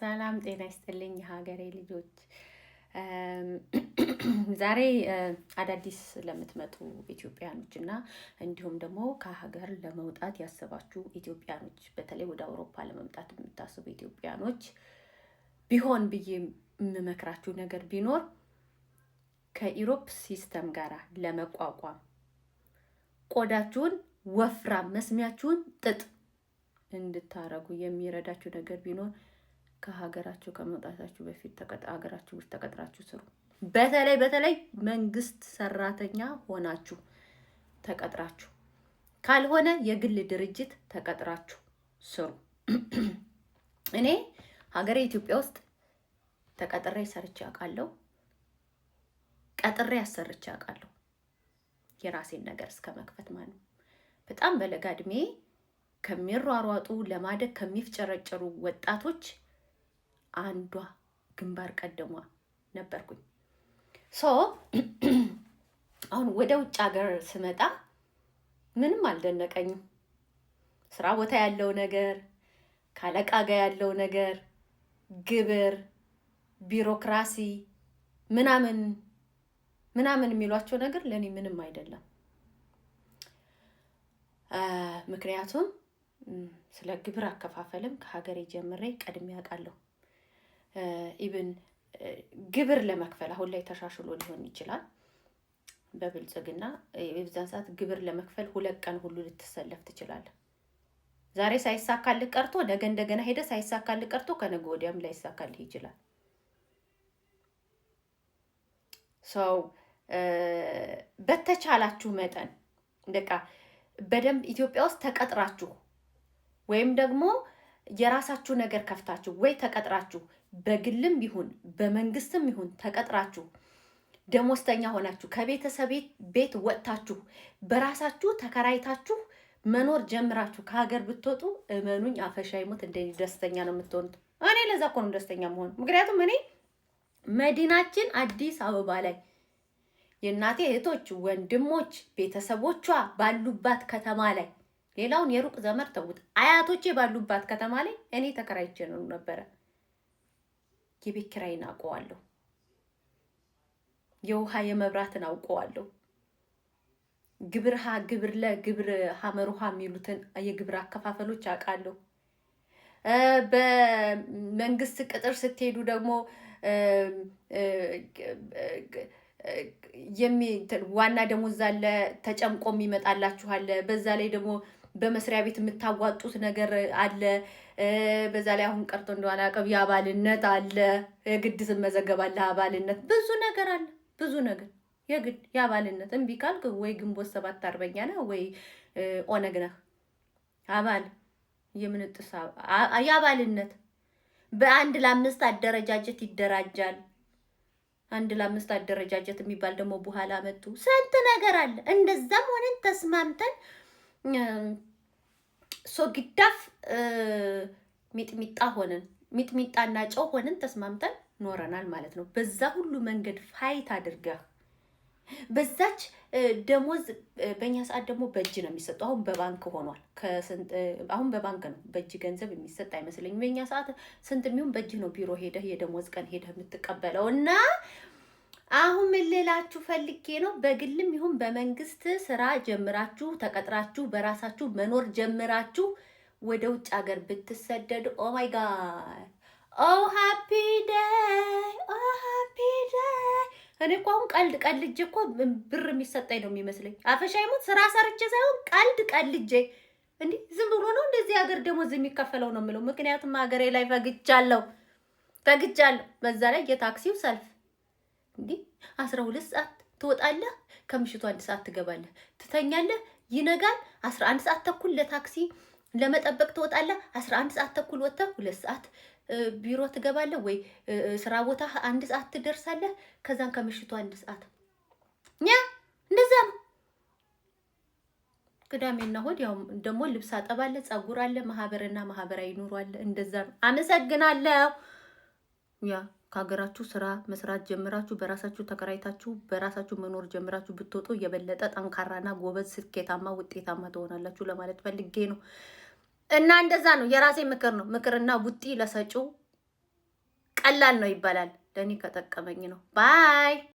ሰላም ጤና ይስጥልኝ የሀገሬ ልጆች። ዛሬ አዳዲስ ለምትመጡ ኢትዮጵያኖች እና እንዲሁም ደግሞ ከሀገር ለመውጣት ያሰባችሁ ኢትዮጵያኖች፣ በተለይ ወደ አውሮፓ ለመምጣት የምታስቡ ኢትዮጵያኖች ቢሆን ብዬ የምመክራችሁ ነገር ቢኖር ከኢሮፕ ሲስተም ጋር ለመቋቋም ቆዳችሁን ወፍራም መስሚያችሁን ጥጥ እንድታረጉ የሚረዳችሁ ነገር ቢኖር ከሀገራችሁ ከመውጣታችሁ በፊት ሀገራችሁ ውስጥ ተቀጥራችሁ ስሩ። በተለይ በተለይ መንግስት ሰራተኛ ሆናችሁ ተቀጥራችሁ፣ ካልሆነ የግል ድርጅት ተቀጥራችሁ ስሩ። እኔ ሀገሬ ኢትዮጵያ ውስጥ ተቀጥሬ ሰርቼ አውቃለሁ። ቀጥሬ አሰርቼ አውቃለሁ። የራሴን ነገር እስከ መክፈት ማለት በጣም በለጋ እድሜ ከሚሯሯጡ ለማደግ ከሚፍጨረጨሩ ወጣቶች አንዷ ግንባር ቀደሟ ነበርኩኝ። ሶ አሁን ወደ ውጭ ሀገር ስመጣ ምንም አልደነቀኝም። ስራ ቦታ ያለው ነገር፣ ካለቃ ጋ ያለው ነገር፣ ግብር፣ ቢሮክራሲ ምናምን ምናምን የሚሏቸው ነገር ለእኔ ምንም አይደለም። ምክንያቱም ስለ ግብር አከፋፈልም ከሀገሬ ጀምሬ ቀድሜ አውቃለሁ። ኢብን ግብር ለመክፈል አሁን ላይ ተሻሽሎ ሊሆን ይችላል። በብልጽግና የብዛን ሰዓት ግብር ለመክፈል ሁለት ቀን ሁሉ ልትሰለፍ ትችላለ። ዛሬ ሳይሳካልህ ቀርቶ ነገ እንደገና ሄደ ሳይሳካልህ ቀርቶ ከነገ ወዲያም ላይሳካልህ ይችላል። ሰው በተቻላችሁ መጠን በቃ በደንብ ኢትዮጵያ ውስጥ ተቀጥራችሁ ወይም ደግሞ የራሳችሁ ነገር ከፍታችሁ ወይ ተቀጥራችሁ በግልም ይሁን በመንግስትም ይሁን ተቀጥራችሁ ደሞዝተኛ ሆናችሁ ከቤተሰብ ቤት ወጥታችሁ በራሳችሁ ተከራይታችሁ መኖር ጀምራችሁ ከሀገር ብትወጡ እመኑኝ፣ አፈሻይ ሞት እንደ ደስተኛ ነው የምትሆኑት። እኔ ለዛ እኮ ነው ደስተኛ መሆኑ። ምክንያቱም እኔ መዲናችን አዲስ አበባ ላይ የእናቴ እህቶች፣ ወንድሞች፣ ቤተሰቦቿ ባሉባት ከተማ ላይ ሌላውን የሩቅ ዘመድ ተውት። አያቶቼ ባሉባት ከተማ ላይ እኔ ተከራይቼ ነው ነበረ። የቤት ኪራይን አውቀዋለሁ። የውሃ የመብራትን አውቀዋለሁ። ግብር ሀ ግብር ለ ግብር ሀመር ውሃ የሚሉትን የግብር አከፋፈሎች አውቃለሁ። በመንግስት ቅጥር ስትሄዱ ደግሞ ዋና ደሞዝ አለ፣ ተጨምቆ የሚመጣላችኋል። በዛ ላይ ደግሞ በመስሪያ ቤት የምታዋጡት ነገር አለ። በዛ ላይ አሁን ቀርቶ እንደሆነ አቀብ የአባልነት አለ። የግድ ስመዘገባለህ አባልነት ብዙ ነገር አለ። ብዙ ነገር የግድ የአባልነት እምቢ ካልክ ወይ ግንቦት ሰባት አርበኛ ነህ ወይ ኦነግ ነህ። አባል የምንጥስ የአባልነት በአንድ ለአምስት አደረጃጀት ይደራጃል። አንድ ለአምስት አደረጃጀት የሚባል ደግሞ በኋላ መጡ። ስንት ነገር አለ። እንደዛም ሆነን ተስማምተን ሶግዳፍ ሚጥሚጣ ሆነን ሚጥሚጣ እና ጨው ሆነን ተስማምተን ኖረናል ማለት ነው። በዛ ሁሉ መንገድ ፋይት አድርጋ በዛች ደሞዝ በእኛ ሰዓት ደግሞ በእጅ ነው የሚሰጠው። አሁን በባንክ ሆኗል። አሁን በባንክ ነው በእጅ ገንዘብ የሚሰጥ አይመስለኝም። በእኛ ሰዓት ስንት የሚሆን በእጅ ነው ቢሮ ሄደህ የደሞዝ ቀን ሄደህ የምትቀበለው እና አሁን ምን ልላችሁ ፈልጌ ነው፣ በግልም ይሁን በመንግስት ስራ ጀምራችሁ ተቀጥራችሁ በራሳችሁ መኖር ጀምራችሁ ወደ ውጭ ሀገር ብትሰደዱ፣ ኦ ማይ ጋድ ኦ ሃፒ ዴይ ኦ ሃፒ ዴይ። እኔ እኮ አሁን ቀልድ ቀልጄ እኮ ብር የሚሰጠኝ ነው የሚመስለኝ። አፈሻ ይሞት ስራ ሰርቼ ሳይሆን ቀልድ ቀልጄ እንዴ ዝም ብሎ ነው እንደዚህ ሀገር ደሞዝ የሚከፈለው ነው የምለው። ምክንያቱም ሀገሬ ላይ ፈግጃለሁ ፈግጃለሁ። በዛ ላይ የታክሲው ሰልፍ እንዲህ አስራ ሁለት ሰዓት ትወጣለህ፣ ከምሽቱ አንድ ሰዓት ትገባለህ፣ ትተኛለህ፣ ይነጋል። አስራ አንድ ሰዓት ተኩል ለታክሲ ለመጠበቅ ትወጣለህ። አስራ አንድ ሰዓት ተኩል ወጥተህ ሁለት ሰዓት ቢሮ ትገባለህ ወይ ስራ ቦታ አንድ ሰዓት ትደርሳለህ። ከዛን ከምሽቱ አንድ ሰዓት ኛ እንደዛ ነው። ቅዳሜና እሑድ ያው ደግሞ ልብስ አጠባለ፣ ጸጉር አለ፣ ማህበርና ማህበራዊ ኑሮ አለ። እንደዛ ነው። አመሰግናለሁ ያ ከሀገራችሁ ስራ መስራት ጀምራችሁ በራሳችሁ ተከራይታችሁ በራሳችሁ መኖር ጀምራችሁ ብትወጡ የበለጠ ጠንካራና ጎበዝ፣ ስኬታማ፣ ውጤታማ ትሆናላችሁ ለማለት ፈልጌ ነው። እና እንደዛ ነው የራሴ ምክር ነው። ምክርና ቡጢ ለሰጪው ቀላል ነው ይባላል። ለእኔ ከጠቀመኝ ነው ባይ